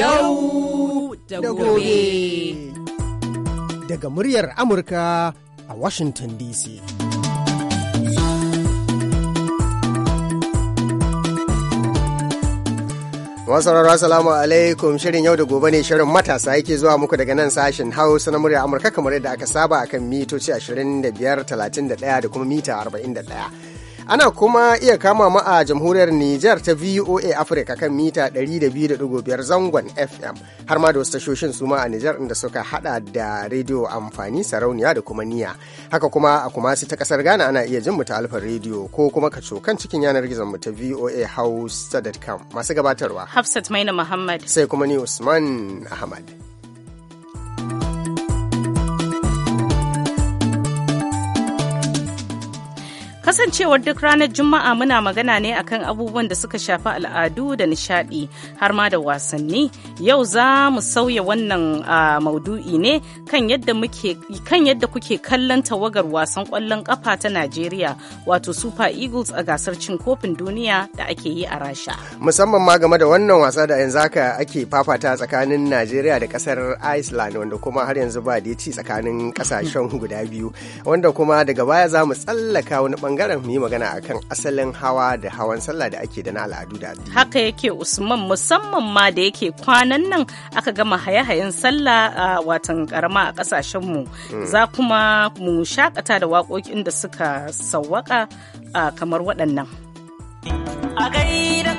Yau da gobe. Daga muryar Amurka a Washington DC. Masararwa salamu alaikum shirin yau da gobe ne shirin matasa yake zuwa muku daga nan sashen hausa na murya Amurka kamar yadda aka saba akan mitoci 25, 31 da kuma mita 41. Ana kuma iya kama mu a jamhuriyar Nijar ta VOA Africa kan mita biyar zangon FM har ma da wasu tashoshin suma a Nijar inda suka hada da rediyo amfani sarauniya da kuma niya. Haka kuma a kuma ta kasar Ghana ana iya jin mu ta alfa rediyo ko kuma ka kan cikin yanar gizon mu ta VOA Hausa.com masu gabatarwa. Hafsat Maina Muhammad. Sai kuma ni Usman Ahmad. Kasancewar duk ranar Juma'a muna magana ne akan abubuwan da suka shafi al'adu da nishadi har ma da wasanni. Yau za mu sauya wannan maudu'i ne kan yadda kuke kallon tawagar wasan kwallon kafa ta Najeriya wato Super Eagles a gasar cin kofin duniya da ake yi a Rasha. Musamman ma game da wannan wasa da yanzu haka ake fafata tsakanin Najeriya da kasar Iceland wanda kuma har yanzu ba da ci tsakanin kasashen guda biyu wanda kuma daga baya za mu tsallaka wani bangare bangaren mu yi magana akan asalin hawa da hawan sallah da ake da na al'adu da addini. Haka yake Usman musamman ma da yake kwanan nan aka gama haye-hayen sallah a watan karama a kasashen mu. Hmm. Za kuma mu shakata da waƙoƙin da suka sawwaka kamar waɗannan. A gaida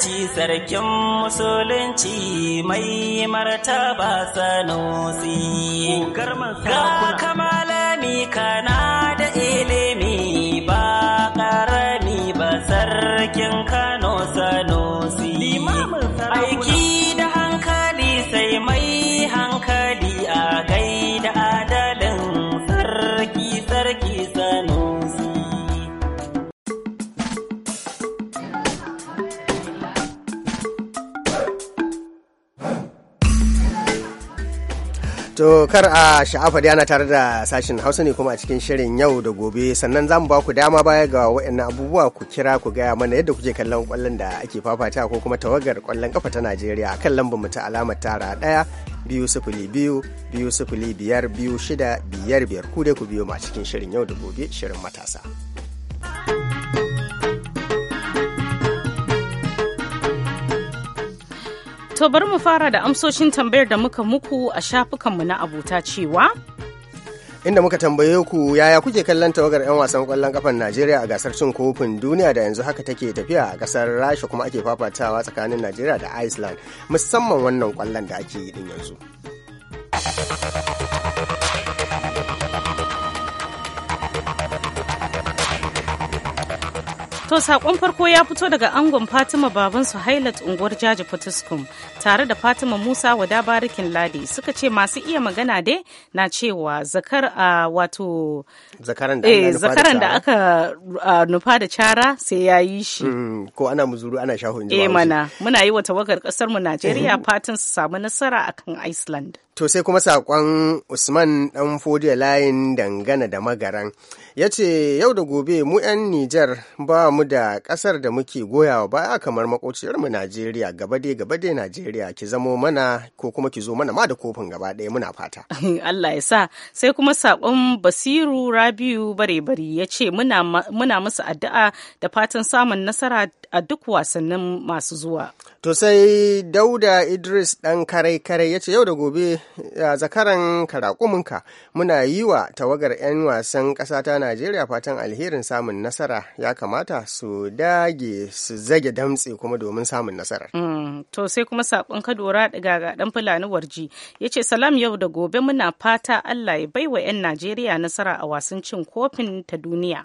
ci sarkin musulunci mai martaba sanusi. Ga kamalami kana To kar a sha'afa dai tare da sashen Hausa ne kuma a cikin shirin yau da gobe sannan za mu ba ku dama baya ga waɗannan abubuwa ku kira ku gaya mana yadda kuke kallon kwallon da ake fafata ko kuma tawagar kwallon kafa ta Najeriya kan lambar mu ta alamar tara ɗaya biyu sifili biyu biyu sifili biyar biyu shida biyar biyar ku dai ku biyo ma cikin shirin yau da gobe shirin matasa. To bari mu fara da amsoshin tambayar da muka muku a shafukanmu na abuta cewa. Inda muka tambaye ku yaya kuke kallon tawagar 'yan wasan kwallon kafan Najeriya a gasar cin kofin duniya da yanzu haka take tafiya a kasar Rasha kuma ake fafatawa tsakanin Najeriya da Iceland musamman wannan kwallon da ake yi din yanzu. To saƙon farko ya fito daga angon Fatima baban Hailat unguwar Jaji Fatiskum tare da Fatima Musa wada barikin Ladi suka ce masu iya magana dai na cewa zakar a wato zakaran da eh, aka nufa da cara sai ya yi shi. Mm, ko ana muzuru ana shaho in eh, mana muna yi wa tawagar kasarmu Najeriya mm-hmm. fatan su samu nasara akan Iceland. To sai kuma saƙon Usman ɗan Fodiya layin dangana da magaran. Ya ce yau da gobe mu 'yan Nijar ba mu da ƙasar da muke goyawa baya kamar makociyarmu Najeriya gaba dai gaba dai Najeriya. Najeriya ki zamo mana ko kuma ki zo mana ma da kofin gaba ɗaya muna fata. Allah ya sa sai kuma saƙon Basiru Rabiu bare-bari ya ce muna musu addu'a da fatan samun nasara a duk wasannin masu zuwa. To sai Dauda Idris ɗan kare-kare ya ce yau da gobe a zakaran karakuminka muna yi wa tawagar 'yan wasan ƙasa ta Najeriya fatan alherin samun nasara ya kamata su dage su zage damtse kuma domin samun nasara. Mm, to sai kuma saƙon kadora daga ɗan Fulani Warji ya ce salam yau da gobe muna fata Allah ya bai wa 'yan Najeriya nasara a wasan cin kofin ta duniya.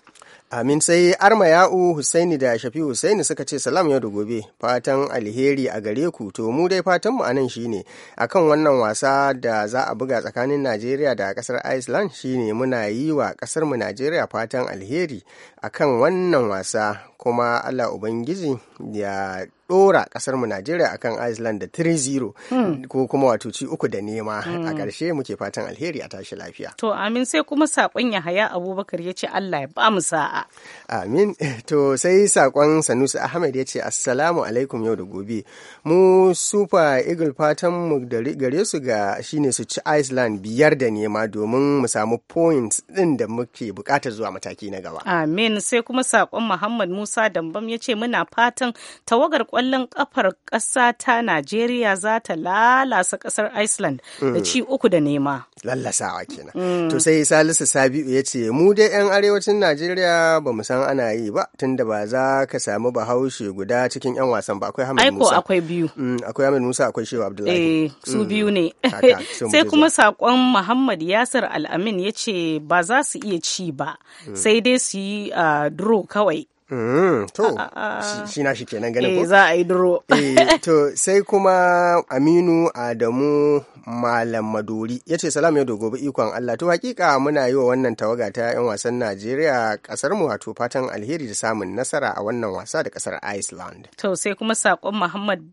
Amin sai Arma Ya'u Husaini da Shafi Husaini suka ce salam yau da gobe fatan alheri a gare ku to mu dai fatanmu a nan shine akan wannan wasa da za a buga tsakanin najeriya da kasar iceland shine muna yi wa kasar mu najeriya fatan alheri akan wannan wasa kuma allah ubangiji ya dora kasar mu Najeriya akan Iceland da 3-0 hmm. ko kuma wato ci uku da nema a hmm. ƙarshe muke fatan alheri a tashi lafiya. To amin sai kuma sakon ya haya Abubakar ya ce Allah ya ba mu sa'a. Amin to sai sakon Sanusi Ahmed ya ce assalamu alaikum yau da gobe mu Super Eagle fatan mu gare su ga shine su ci Iceland biyar da nema domin mu samu points din da muke bukatar zuwa mataki na gaba. Amin sai kuma saƙon Muhammad Musa Dambam ya ce muna fatan tawagar ƙwallon ƙafar ƙasa ta Najeriya za ta lalasa ƙasar Iceland da eh. ci uku da nema. Lallasawa kenan. Mm. To sai Salisu Sabiu ya ce mu dai 'yan arewacin Najeriya ba mu san ana yi ba tunda ba za ka samu bahaushe guda cikin 'yan wasan ba akwai Hamid Musa. Aiko akwai biyu. Mm, akwai Hamid Musa akwai Shehu Abdullahi. Eh su mm. biyu ne. Sai kuma saƙon Muhammad Yasir Al'amin ya ce ba za su iya ci ba sai dai su yi ah, draw kawai. Mm, to ah, ah, shi ah. shi kenan ganin eh, ko za a yi duro eh, to sai kuma aminu adamu malam maduri yace ce salam yau da ikon allah to hakika muna yi wa wannan tawaga ta 'yan wasan najeriya kasar mu wato fatan alheri da samun nasara a wannan wasa da kasar iceland to sai kuma saƙon muhammad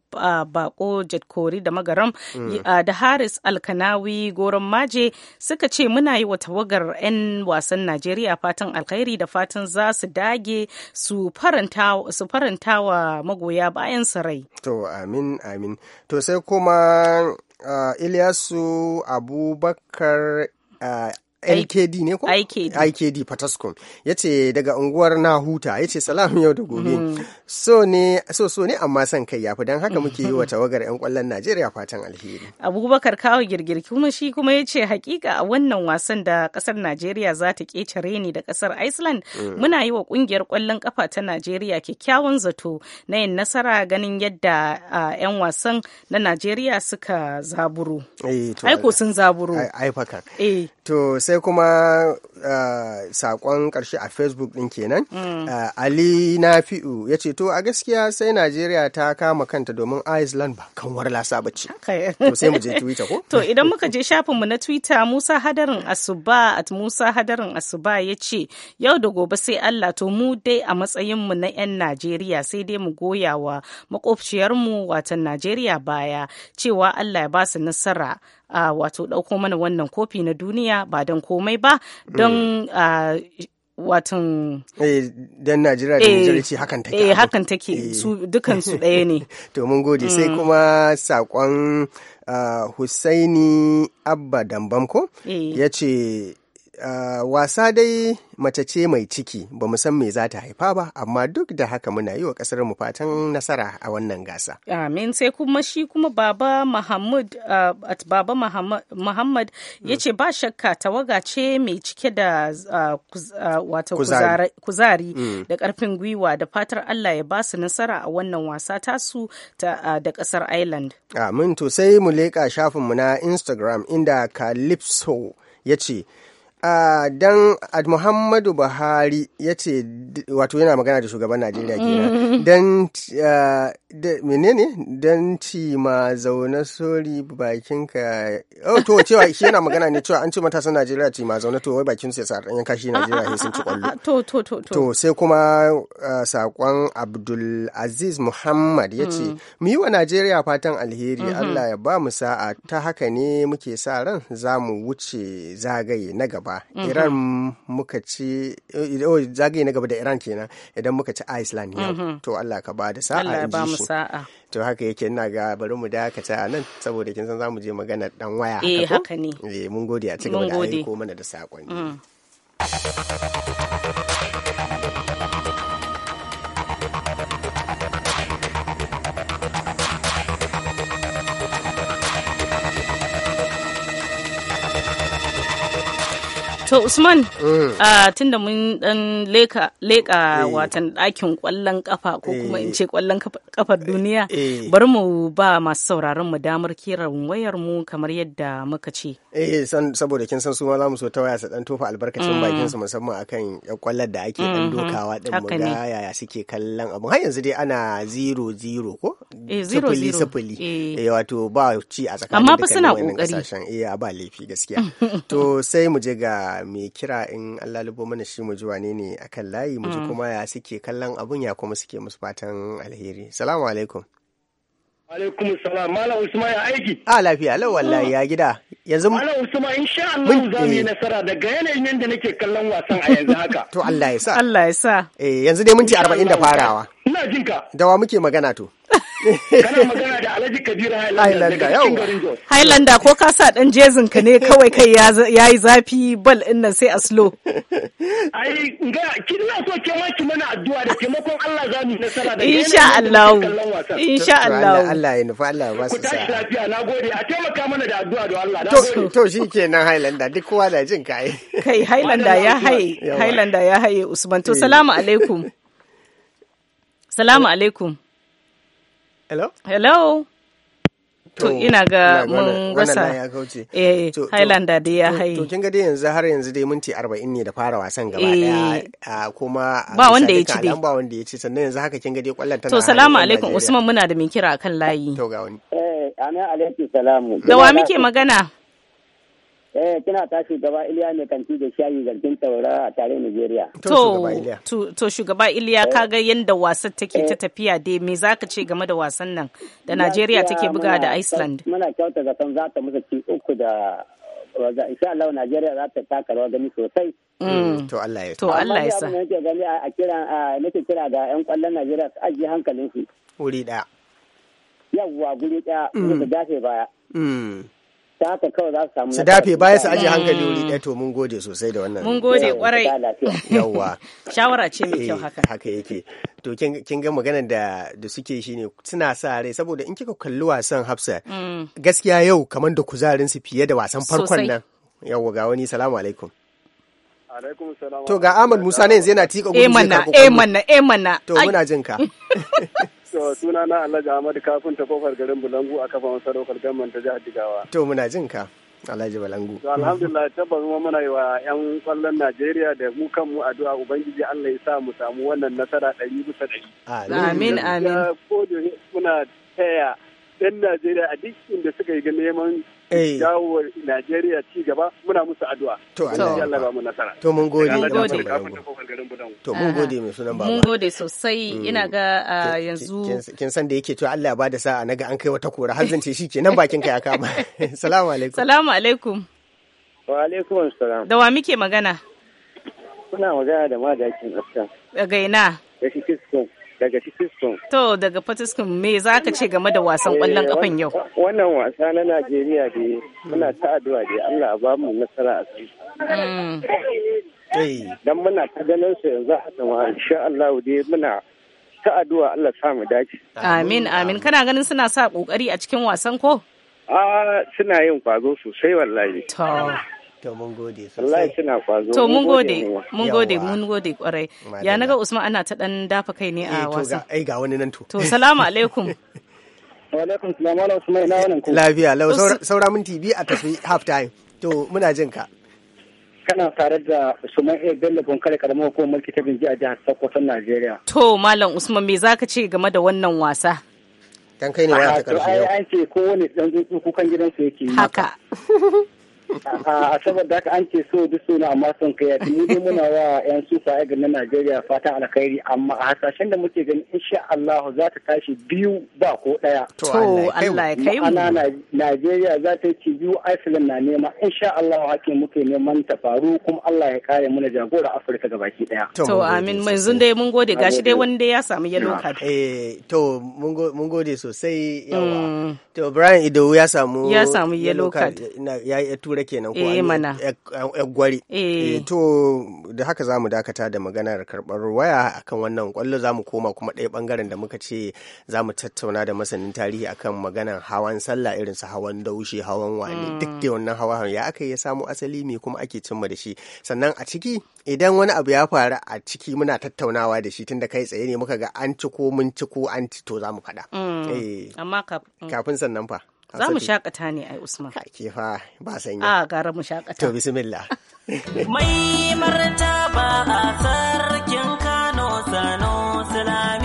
bako jatkori da magaram mm. da haris alkanawi goron maje suka ce muna yi wa tawagar 'yan wasan najeriya fatan alheri da fatan za su dage su faranta wa magoya bayan sarai. To amin amin. To sai kuma uh, Ilyasu Abubakar uh, LKD ne ko? IKD. IKD Fataskum. Ya ce daga unguwar na huta ya ce salam yau da gobe. Mm. So ne so so ne amma son kai yafi don haka muke yi wa mm. tawagar 'yan kwallon Najeriya fatan alheri. Abubakar kawo girgir kuma shi kuma ya ce hakika a wannan wasan da kasar Najeriya za ta kece reni da kasar Iceland mm. muna yi wa kungiyar kwallon kafa ta Najeriya kyakkyawan zato na yin nasara ganin yadda 'yan wasan na Najeriya suka zaburo. Eh, Aiko sun zaburo. Ai To sai kuma uh, saƙon ƙarshe a Facebook ɗin kenan. Mm. Uh, Ali Nafi'u ya ce, To a gaskiya sai Najeriya ta kama kanta domin Iceland ba war lasa ba ce. To sai mu je Twitter ko? to idan muka je shafinmu na Twitter Musa Hadarin Asuba at Musa Hadarin Asuba ya ce, Yau da gobe sai Allah to mu dai a matsayinmu na 'yan Najeriya sai dai mu goya wa makwabciyarmu watan Najeriya baya cewa Allah ya ba su nasara. uh, wato ɗauko mana wannan kofi na duniya ba don komai ba don mm. watan eh, don Najeriya da Nijar hakan take eh, eh hakan take eh. su dukan su ɗaya ne to mun gode sai mm. kuma sakon Hussaini Abba Dambam ko ce. Ah, wasa dai mace ce mai ciki ba mu san me za ta haifa ba amma duk da haka muna yi wa kasar mu fatan nasara a wannan gasa amin sai kuma shi kuma baba muhammad ah, at baba muhammad mm. ya ce ba shakka tawaga ce mai cike da ah, wata kuzari, mm. da karfin gwiwa da fatar allah ya ba su nasara a wannan wasa tasu da kasar ireland amin to sai mu leƙa mu na instagram inda calypso ya ce Uh, dan Muhammadu Buhari ya ce wato yana magana da shugaban Najeriya kenan mm-hmm. dan menene dan ci ma zaune sori bakin ka oh to cewa shi yana magana ne cewa an ce matasan Najeriya ci ma zaune to wai bakin su ya sa yan kashi Najeriya sai sun ci kwallo to to to to sai kuma uh, sakon Abdul Aziz Muhammad ya ce mm. mu yi wa Najeriya fatan alheri mm-hmm. Allah ya ba mu sa'a ta haka ne muke sa ran za mu wuce zagaye na gaba fa mhm. iran muka ci eh, oh, zagaye na gaba da iran kenan idan muka ci iceland yau mhm. to allah ka ba da sa'a in ji shi to haka yake ina ga bari mu dakata a nan saboda kin san zamu je magana dan waya eh haka ne eh mun gode a cigaba da aiko mana da sakonni mm. To Usman, mm. ah, tunda mun dan leka eh. watan ɗakin ƙwallon ƙafa ko kuma in eh. ce ƙwallon ƙafar duniya, eh. bari mu ba masu sauraron mu damar kira wayar mu kamar yadda muka ce. Eh, saboda kin san su ma za mu so ta waya su dan tofa albarkacin mm. bakin su musamman akan ƙwallon da ake dan mm-hmm. dokawa din mu ga yaya suke kallon abun. Har yanzu dai ana 0-0 ko? Eh, Sifili. Eh, wato ba ci a tsakanin fa suna kokari Eh, ba laifi gaskiya. To sai mu je ga me mai kira in Allah lubo mana shi mu ji wane ne akan layi mu ji mm. kuma ya suke kallon abun ya kuma suke musu fatan alheri. Salamu alaikum. alaikum salam malam usman ya aiki a ah, lafiya lau wallahi ya gida yanzu malam usman sha Allah za mu yi eh. nasara daga yanayin yadda nake kallon wasan a yanzu haka to Allah ya sa Allah ya sa eh yanzu dai minti 40 da farawa ina jinka. Dawa da wa muke magana to kana magana da Alhaji Kabiru Highlander daga cikin garin Jos. Highlander ko ka sa dan jezin ka ne kawai kai ya yi zafi bal din nan sai a slow. Ai ga kin na so ke ma ki mana addu'a da taimakon Allah za mu nasara da insha Allah. Insha Allah. Allah ya nufa Allah ba su sa. Ku tashi lafiya nagode a taimaka mana da addu'a da Allah. To to shikenan Highlander duk kowa da jin kai. Kai Highlander ya haye Highlander ya haye Usman to eh. salamu alaikum. Salamu alaikum. Hello? Hello? to ina ga mun rasa eh, highland da dai ya haye to kin ga dai yanzu har yanzu dai minti 40 ne da fara wasan gaba eh. daya kuma ba wanda ya ci dai ba wanda ya ci sannan yanzu haka kin ga dai kwallon tana to salamu alaikum Usman muna da mai kira akan layi to ga wani eh ana alaikum salamu da wa muke magana Eh kina ta shugaba Iliya ne kanti da shayi zargin tsaura a tare Nigeria. To to shugaba Iliya eh. ga yanda wasan take ta eh. tafiya dai me zaka ce game da wasan nan da Nigeria take buga da Iceland. Muna kyauta zaton za ta musu ci uku da insha Allah Nigeria za ta taka rawa gani sosai. Mm. To Allah ya To Allah ya sa. Amma nake gani a kira a nake kira ga yan kwallon Nigeria su ajiye hankalin su. Wuri daya. Yawwa guri daya, mm. su gafe baya. Mm. ta haka kawai za su samu su dafe baya su aje mm. hankali wuri ɗaya to mun gode sosai da wannan mun gode kwarai yawa shawara ce mai kyau eh, haka haka yake to kin ga maganar da da suke ne suna sa rai saboda in kika kalli wasan Hafsa mm. gaskiya yau kamar da kuzarin su fiye da wasan farkon nan yawa ga wani salamu alaikum To ga Ahmad Musa ne yanzu yana tika gudu eh, zai karɓi kwallo. Eh manna, eh manna, eh manna. To muna jin ka. suna na Alhaji Ahmad kafin ta kofar garin Bulangu a kafan sadaukar gamman ta jihar Jigawa. To muna jin ka. Alhaji Balangu. Alhamdulillah tabbas mu muna yi wa 'yan kwallon Najeriya da mu kanmu addu'a Ubangiji Allah ya sa mu samu wannan nasara ɗari bisa ɗari. Amin amin. Ko da muna taya 'yan Najeriya a duk inda suka yi neman Eh. dawo Najeriya ci gaba muna musu addu'a. To Allah ba mu nasara. To mun gode. Mun gode. To mun gode mai sunan baba. Mun gode sosai mm. ina ga ah, yanzu kin san da yake to Allah ya bada sa'a naga an kai wata kora har zance shi kenan bakin ka ya kama. Salamu alaikum. Salamu alaikum. Wa alaikum assalam. Da wa muke magana? Kuna magana da madakin Aska. Daga ina? Da shi Kiskon. daga Fatiskun. To daga Fatiskun me za ka ce game da wasan kwallon kafan eh, yau? Wannan wasa na Najeriya ne muna ta addu'a ne Allah ba mu nasara a su. Mm. Dan muna ta ganin su yanzu a sama insha Allah dai muna ta addu'a Allah sa mu dace. Amin amin kana ganin suna sa kokari a cikin wasan ko? Ah suna yin kwazo sosai wallahi. To. To mun gode sosai. kwazo. To mun gode, mun gode, mun gode kwarai. Ya naga Usman ana ta dan dafa kai ne a eh, wasa. Ai ga wani nan to. To salamu alaikum. Wa alaikum salam wa Usman ina wannan ku. Lafiya, lau saura minti biyu a tafi half time. To muna jin ka. kana tare da Usman A. Bello Bonkare karamar ko mulki ta Binji a jihar Sokoto, Najeriya. To, Malam Usman, me zaka ce game da wannan wasa? Dan kai ne wani ta ah, karshe yau. ai ce kowane dan kukan gidansu yake Haka. a saboda haka an ce so duk suna amma son kai yaki mu muna wa yan sufa ga na Najeriya fatan alkhairi amma a hasashen da muke gani insha Allah za ta tashi biyu ba ko daya to Allah ya kai mu ana Najeriya za ta ci biyu Iceland na nema insha Allah hake muke neman ta faru kuma Allah ya kare mu na jagora Afirka gabaki daya to amin yanzu dai mun gode gashi dai wanda ya samu yellow card eh to mun gode sosai yawa mm. to Brian Idowu ya samu ya samu yellow card ya tura gwari kenan ko eh mana gwari eh. Eh, to da haka zamu dakata da maganar karɓar waya akan wannan kwallo zamu koma kuma ɗaya bangaren da muka ce zamu tattauna da masanin tarihi akan maganar hawan sallah irin su hawan daushe hawan wani mm. duk da wannan hawa ya aka ya samu asali me kuma ake cimma da shi sannan a ciki idan wani abu ya faru a ciki muna tattaunawa da shi tunda kai tsaye ne muka ga an ci mun ci an ci to zamu faɗa mm. eh. amma mm. kafin sannan fa Za mu shakata ne ai Usman. Ke fa ba sanya. A ah, gara mu shakata. To bismillah. Mai martaba a sarkin Kano Sano salami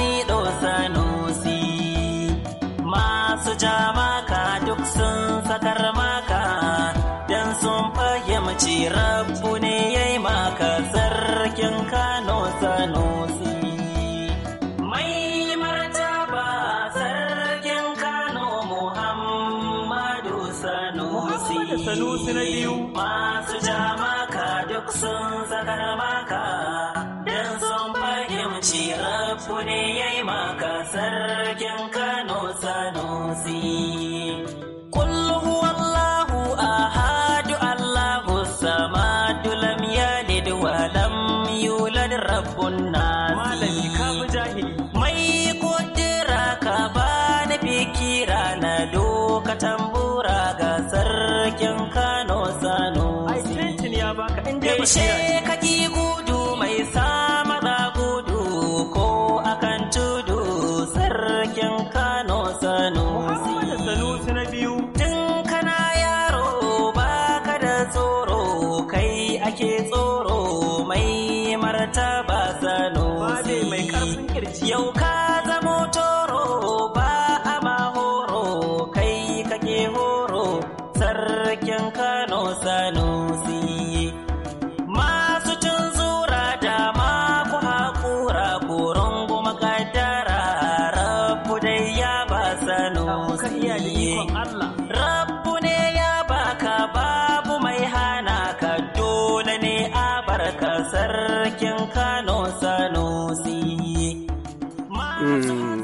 谁？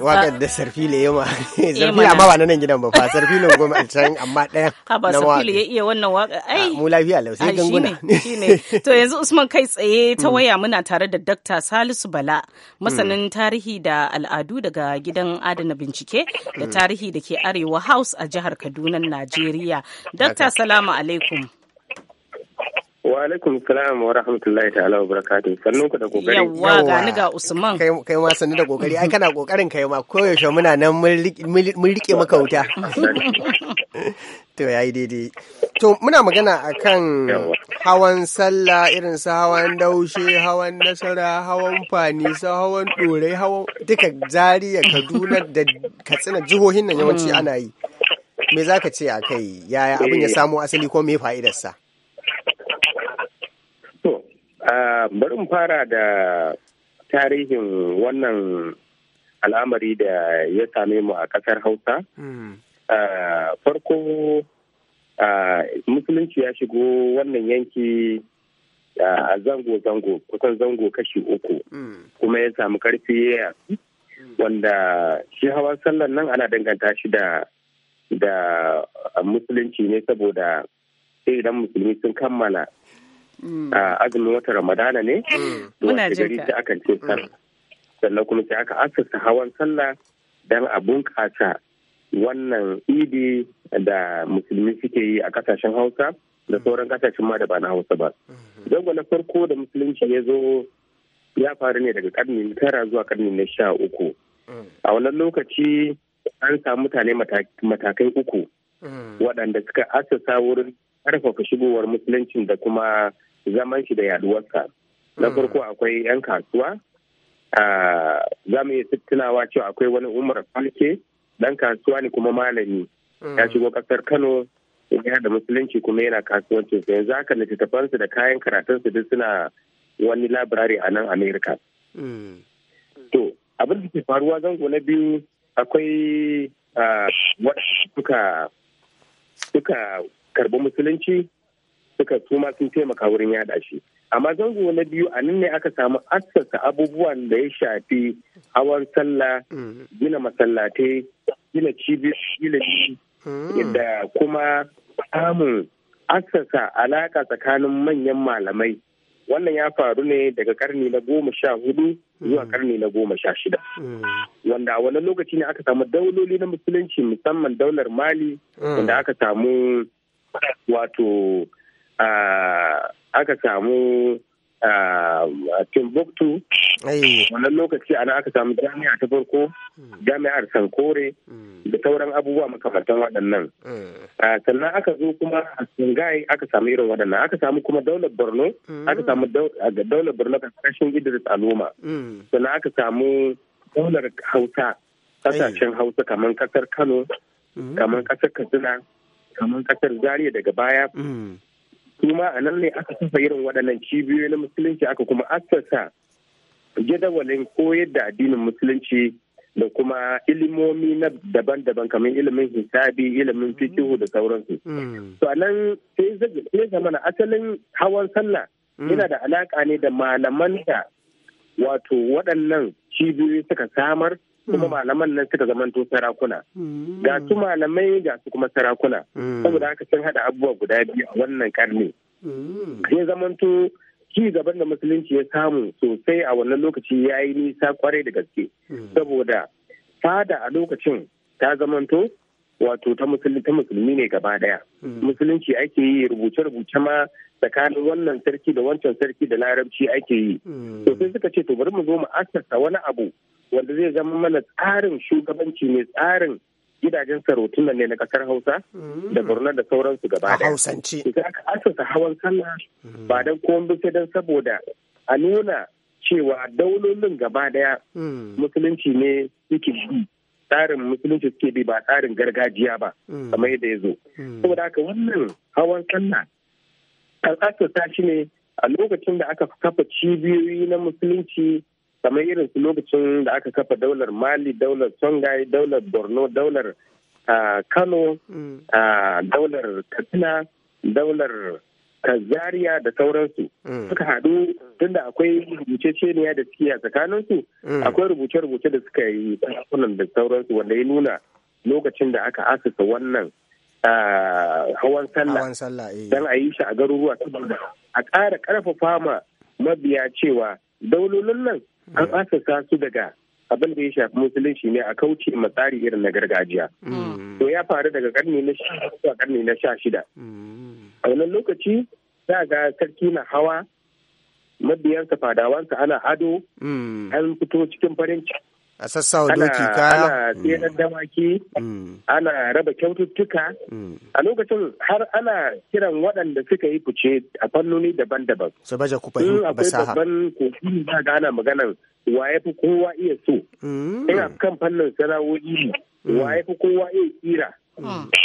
wakar da sarfile ya ma sarfile eh, amma ba nanan gidan ba fa sarfile goma a can amma ɗaya haba sarfile ya iya wannan waka ah, ai mu lafiya lau sai ganguna shine to yanzu Usman kai tsaye ta mm. waya muna tare da Dr. Salisu Bala mm. masanin tarihi da al'adu daga gidan adana bincike da mm. tarihi da ke Arewa House a jihar Kaduna Najeriya Dr. Salamu alaikum Wa alaikum salam wa rahmatullahi ta'ala wa barakatu. Sannu ku da kokari. Yawwa ga ni ga Usman. Kai kai ma sannu da kokari. Ai kana kokarin kai ma koyaushe muna nan mun rike maka wuta. To yayi daidai. To muna magana akan hawan sallah irin su hawan daushe, hawan nasara, hawan fani, sa hawan dore, hawan duka Zaria, Kaduna da Katsina jihohin nan yawanci hmm. ana yi. Me zaka ce a kai? Yaya abin ya eh. samo asali ko me fa'idarsa? bari mu fara da tarihin wannan al'amari da ya same mu a ƙasar hausa hmm. farko musulunci ya shigo wannan yanki a zango-zango kusan zango kashi uku hmm. kuma ya samu karfi ya wanda shi hawan sallan nan ana danganta shi da da musulunci ne saboda sai idan musulmi sun kammala Mm. azumin wata ramadana ne mm. muna gari da akan ce mm. sannan kuma sai aka asasa hawan sallah Dan a bunƙasa wannan idi da musulmi suke yi a kasashen hausa da sauran kasashen ma da ba na hausa ba mm-hmm. zango na farko da musulunci ya zo ya faru ne daga karni tara zuwa karni na sha uku a wannan lokaci an samu mutane matakai uku waɗanda suka asasa wurin ƙarfafa shigowar musuluncin da kuma zaman shi da yaduwarsa na hmm. farko akwai 'yan kasuwa za mu iya tunawa cewa akwai wani umar falke dan kasuwa ne kuma malami hmm. ya shigo kasar kano ya da musulunci kuma yana kasuwancin sa yanzu haka littattafansu da kayan karatunsu duk suna wani labirari a nan america hmm. to abin da ke faruwa zango na biyu akwai waɗanda suka karɓi musulunci suka su ma sun taimaka wurin yada shi amma zango na biyu a nan ne aka samu assasa abubuwan da ya shafi hawan sallah mm. gina masallatai gina cibiyoyi mm. da kuma samun assasa alaka tsakanin manyan malamai wannan ya faru ne daga karni na goma sha hudu zuwa karni mm. na goma sha shida wanda a wani lokaci ne aka samu dauloli na musulunci musamman daular mali wanda aka samu wato aka samu Timbuktu wannan lokaci ana aka samu jami'a ta farko jami'ar Sankore da sauran abubuwa makamantan waɗannan. Hmm. Sannan aka zo kuma a Singai aka samu irin waɗannan aka samu kuma daular Borno hmm. aka samu daular Borno ƙarshen Idris Aloma. Hmm. Sannan aka samu daular Hausa ƙasashen Hausa kamar ƙasar Kano kamar ƙasar Katsina kamar ƙasar Zaria daga baya. su a nan ne aka kafa irin waɗannan cibiyoyi na musulunci aka kuma assasa jadawalin koyar da addinin musulunci da kuma ilimomi na daban-daban kamar ilimin hisabi ilimin fikihu da sauransu. Hmm. To a nan sai na asalin hawan sallah hmm. yana da alaƙa ne da malaman da wato waɗannan cibiyoyi suka samar kuma hmm. malaman nan suka zamanto sarakuna hmm. ga su malamai ga su kuma sarakuna hmm. saboda haka sun hada abubuwa guda biyu a wannan karni ya zamanto ci gaban da musulunci ya samu sosai a wannan lokaci ya yi nisa kwarai da gaske saboda fada a lokacin ta zamanto wato ta musulmi ne gaba daya hmm. musulunci ake yi rubuce-rubuce ma tsakanin wannan sarki da wancan sarki da larabci ake yi hmm. to sai suka ce to bari mu zo mu asasa wani abu wanda zai zama mana tsarin shugabanci mai tsarin gidajen sarautun nan ne na kasar hausa da hmm. borno da sauransu gaba daya hausance sai aka asasa hawan sallah ba dan komai bisa dan saboda a nuna cewa daulolin gaba daya musulunci ne yake shi tsarin musulunci suke bi ba tsarin gargajiya ba hmm. kamar yadda ya zo hmm. saboda haka wannan hawan sallah an ta shi ne a lokacin da aka kafa cibiyoyi na musulunci kamar irin su lokacin da aka kafa daular mali daular songhai daular borno daular ah, kano hmm. ah, daular katsina daular Kazariya da sauransu mm. suka haɗu tunda akwai rubuce-ceniya da suke a tsakaninsu mm. akwai rubuce-rubuce da suka yi tsakanin da sauransu wanda ya nuna lokacin da aka asasa wannan hawan sallah don eh. a yi shi a garuruwa a ƙara ƙarfafa ma mabiya cewa daulolin nan an mm. asasa su daga abin da ya shafi musulunci ne a kauce ma tsari irin na gargajiya. Mm. To ya faru daga karni na shida a karni na sha shida. Mm. A wannan lokaci za ga sarki na hawa mabiyansa fadawansa ana ado mm. an fito cikin farin ciki a sassawa doki kaya ana mm. tseren dawaki mm. ana raba kyaututtuka mm. a lokacin har ana kiran waɗanda suka yi fice a fannoni daban-daban su baje kufa basaha akwai babban kofi da ana maganar wa ya fi kowa iya so in kan fannin sana'o'i wa ya fi kowa iya tsira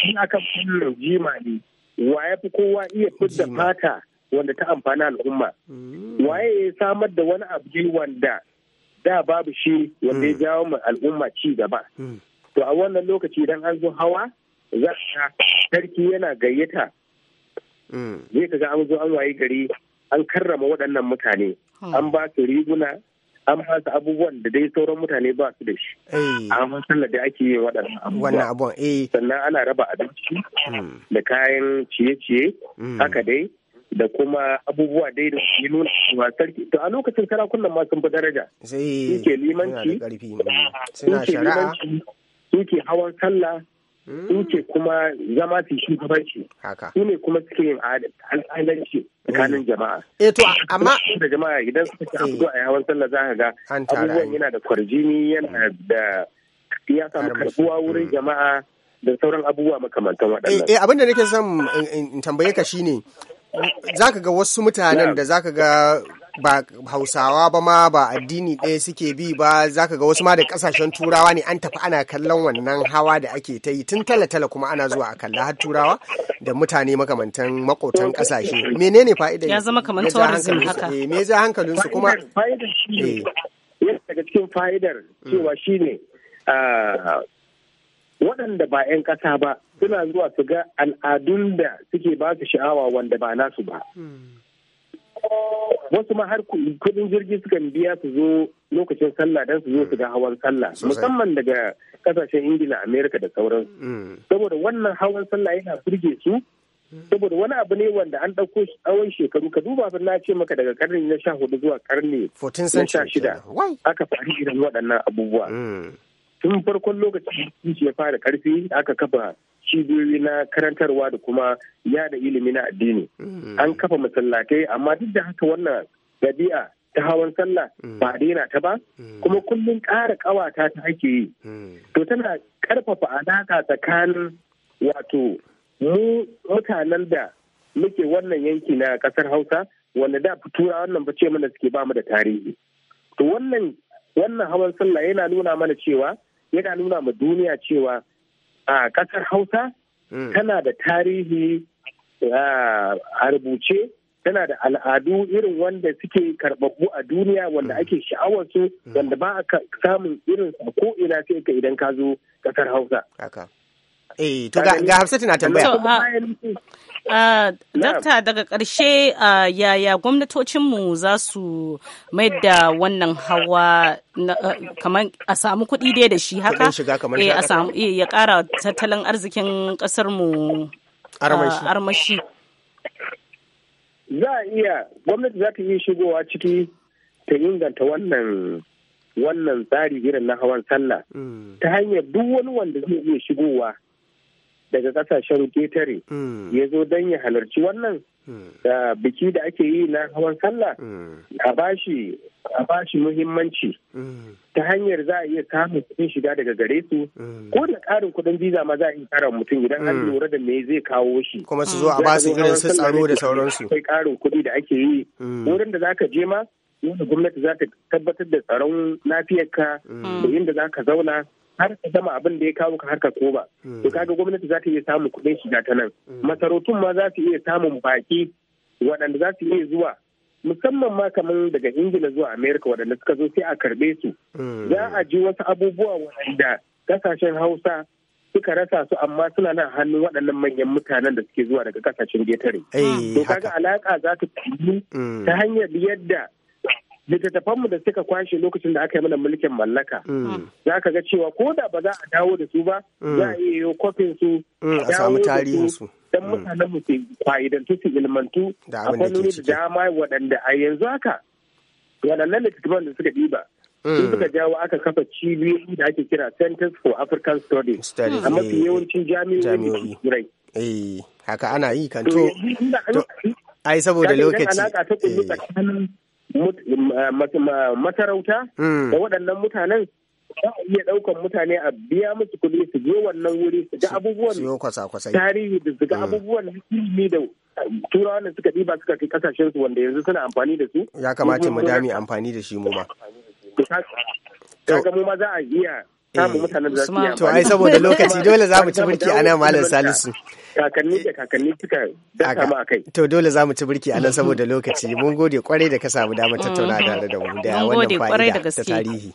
in a kan fannin jima ne wa ya fi kowa iya fidda fata wanda ta amfana al'umma waye ya samar da wani abu wanda da babu shi wanda ya mm. jawo mu al'umma ci gaba mm. to a wannan lokaci idan an zo hawa za a sarki yana gayyata mm. zai ka ga an zo an waye gari an karrama waɗannan mutane hmm. an ba su riguna an ba su abubuwan da dai sauran mutane ba su da shi a sallar da ake yi waɗannan abubuwan. Eh. sannan ana raba abinci hmm. da kayan ciye-ciye hmm. haka dai da kuma abubuwa dai da yi nuna cewa sarki to a lokacin sarakunan ma sun fi daraja suke limanci suke limanci suke hawan sallah suke kuma zama su shugabanci su ne kuma suke yin al'adanci tsakanin mm. jama'a eh to amma da jama'a idan suka abu a eh. hawan sallah za ka ga abubuwan yana da kwarjini yana mm. da ya samu karbuwa wurin mm. jama'a da sauran abubuwa makamantan waɗannan. Eh, eh abin da nake son in tambaye ka shine zaka ga wasu mutanen da zaka ga ba hausawa ba ma ba addini ɗaya suke bi ba zaka ga wasu ma da kasashen turawa ne an tafi ana kallon wannan hawa da ake ta yi tun tala-tala kuma ana zuwa a kalla har turawa da mutane makamantan makotan kasashe menene fa'idar ya zama kamar tourism haka eh, me za su kuma fa'idar shi eh. daga cikin fa'idar cewa shine ah, waɗanda ba 'yan ƙasa ba suna zuwa su ga al'adun da suke ba su sha'awa wanda ba nasu ba wasu ma har kudin jirgi sukan biya su zo lokacin sallah don su zo su ga hawan sallah musamman daga kasashen ingila amerika da sauransu mm. saboda wannan hawan sallah yana firge su saboda wani abu ne wanda an ɗauko tsawon shekaru ka duba na ce maka daga karni na sha hudu zuwa karni na sha shida aka faru irin waɗannan abubuwa mm. tun farkon lokacin shi ya fara karfi aka kafa cibiyoyi na karantarwa da kuma yada ilimi na addini mm. an kafa masallatai amma duk da haka wannan gabi'a ta hawan sallah mm. ba daina ta ba mm. kuma kullum ƙara ƙawata ta ake yi to tana ƙarfafa alaƙa tsakanin wato mu mutanen da muke wannan yanki na ƙasar hausa wanda da fitura wannan ba ce mana suke ba mu da tarihi to wannan wannan hawan sallah yana nuna mana cewa yana nuna ma duniya cewa a ƙasar hausa hmm. tana da tarihi a rubuce tana da al'adu irin wanda suke karɓaɓɓu a duniya wanda hmm. ake sha'awarsu hmm. wanda ba a samun irin a ko'ina sai ka idan ka zo ƙasar hausa. Eh, to ga hafsatu na tambaya. Uh, Dokta daga ƙarshe uh, yaya gwamnatocinmu za su mai da wannan hawa uh, kamar a samu kuɗi dai da shi haka? Eh, eh, ya ƙara tattalin arzikin ƙasarmu armashi. Za a iya gwamnati za ta iya shigowa ciki ta inganta wannan wannan tsari irin na hawan sallah mm. ta hanyar duk wani wanda zai iya shigowa daga kasashen ƙetare hmm. ya zo don ya halarci wannan hmm. da biki da ake yi na hawan sallah hmm. a bashi a bashi muhimmanci ta hanyar za a iya samun kuɗin shiga daga gare su ko da ƙarin kudin visa ma za a iya tara mutum idan an lura da me zai kawo shi kuma su zo a basu irin su tsaro da sauransu akwai ƙarin kuɗi da ake yi wurin da zaka je ma wanda gwamnati za ta tabbatar da tsaron lafiyarka da inda za ka zauna har ka gama abin da ya kawo ka har ka koma hmm. to kaga gwamnati za ta iya samun kuɗin shiga ta nan hmm. masarautun ma za su iya samun baki waɗanda za su iya zuwa musamman ma kamar daga ingila zuwa amerika waɗanda suka zo sai a karɓe su hmm. za a ji wasu abubuwa waɗanda ƙasashen hausa suka rasa su amma suna nan hannun waɗannan manyan mutanen da suke zuwa daga ƙasashen getare eh, to kaga alaƙa za ta ta hanyar yadda littattafanmu da suka kwashe lokacin da aka yi mana mulkin mallaka mm. za ka ga cewa ko da ba za a dawo da su ba mm. za a iya yi kofin su mm, a samu tarihin su dan mutanen mu su fa'idantu su ilmantu a fannoni da dama waɗanda a yanzu haka waɗannan littattafan da suka ɗiba sun suka jawo aka kafa cibiyoyi da ake kira centers for african studies a mafi eh, yawancin jami'o'i turai eh, haka ana yi kan to ai saboda lokaci matarauta hmm. da waɗannan mutanen za a iya ɗaukan mutane a biya musu kuɗi su je wannan wuri su ga abubuwan tarihi da su ga hmm. abubuwan ilimi da turawan da suka ɗiba suka kai kasashen su wanda yanzu suna amfani da su ya kamata mu dami amfani da shi mu ma kaga mu ma za a iya samun mutanen da za To ai saboda lokaci dole za mu ci birki a nan Malam Salisu. Kakanni da kakanni suka kama a kai To dole za mu ci birki a nan saboda lokaci. Mun gode kwarai da ka samu damar tattauna da mu da wannan fa'ida ta tarihi.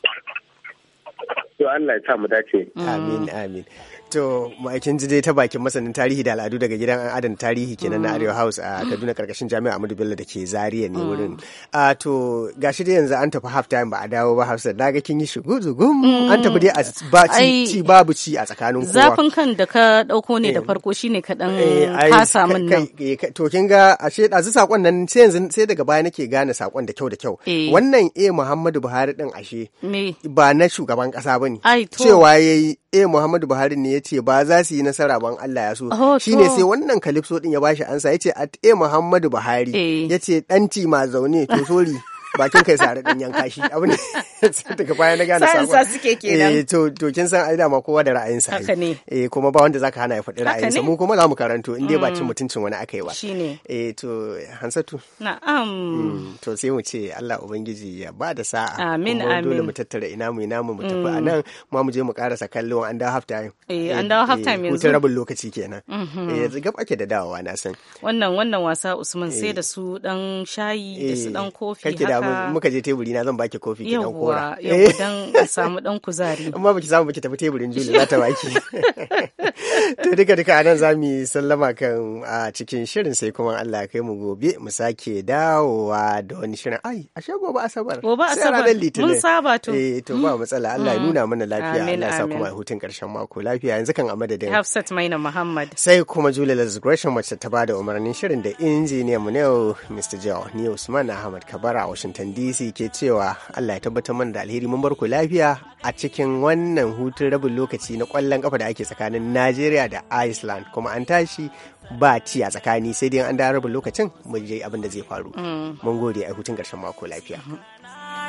To Allah ya sa mu dace. Amin amin. To ma'aikin ji ta bakin masanin tarihi da al'adu daga gidan adan tarihi kenan na mm. Arewa House a Kaduna karkashin Jami'a Ahmadu Bello da ke Zaria ne mm. wurin. A to gashi dai yanzu an tafi half time ba a dawo ba Hafsat na ga kin yi shugu zugum mm. an tafi dai a ba ci babu ci a tsakanin kowa. Zafin kan da ka dauko ne da eh. farko shine ka dan kasa eh, min nan. Eh, to kin ga ashe dazu sakon nan sai yanzu sai daga baya nake gane sakon da kyau da kyau. Wannan eh Muhammadu Buhari din ashe ba na shugaban kasa bane. Cewa yayi eh Muhammadu Buhari ne ya ce ba za su yi nasara ban Allah ya so oh, shine sai wannan kalifso din ya bashi ansa yace at a Muhammadu Buhari eh. yace dan ma zaune to sori bakin kai sare din yanka shi abu ne daga baya na gane sakon sa suke kenan eh to to kin san ai dama kowa da ra'ayin sa haka ne eh kuma ba wanda zaka hana ya faɗi ra'ayin sa mu kuma za mu karanto in dai ba cin mm. mutuncin wani aka yi ba shine eh to Hansatu na'am mm, to sai mu ce Allah ubangiji ya ba da sa'a amin amin dole mu tattara ina mu ina mu mu tafi anan mm. ma mu je mu karasa kallon an dawo half time eh, eh an dawo half time eh, yanzu hutun rabin lokaci kenan mm-hmm. eh gab ake da dawowa na san wannan wannan wasa Usman sai eh. da su dan shayi da su dan kofi haka muka je teburi na zan baki kofi kidan dan kora yawwa eh. dan samu dan kuzari amma baki samu baki tafi teburin Juli za ta baki to duka duka anan za mu sallama kan a cikin shirin sai kuma Allah ya kai mu gobe mu sake dawowa da wani shirin ai ashe gobe asabar gobe asabar mun saba to eh to ba matsala Allah ya mm. nuna mana lafiya Allah ya sa kuma hutun karshen mako lafiya yanzu kan a madadin Hafsat Maina Muhammad sai kuma Julia Lazgresham wacce ta bada umarnin shirin da injiniyan mu ne Mr. Joe ni Usman Ahmad Kabara a Washington Washington DC ke cewa Allah ya tabbatar mana da alheri mun barku lafiya a cikin wannan hutun rabin lokaci na kwallon kafa da ake tsakanin Najeriya da Iceland kuma an tashi ba ci a tsakani sai dai an da rabin lokacin mu je abin da zai faru. Mm. Mun gode a hutun karshen mako lafiya. Mm-hmm.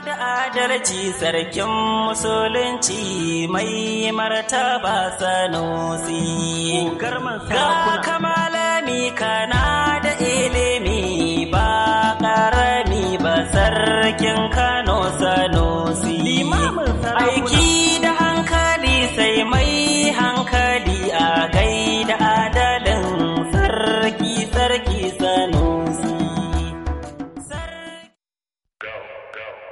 da adalci sarkin musulunci mai martaba sanusi. Ga kamalami kana can ka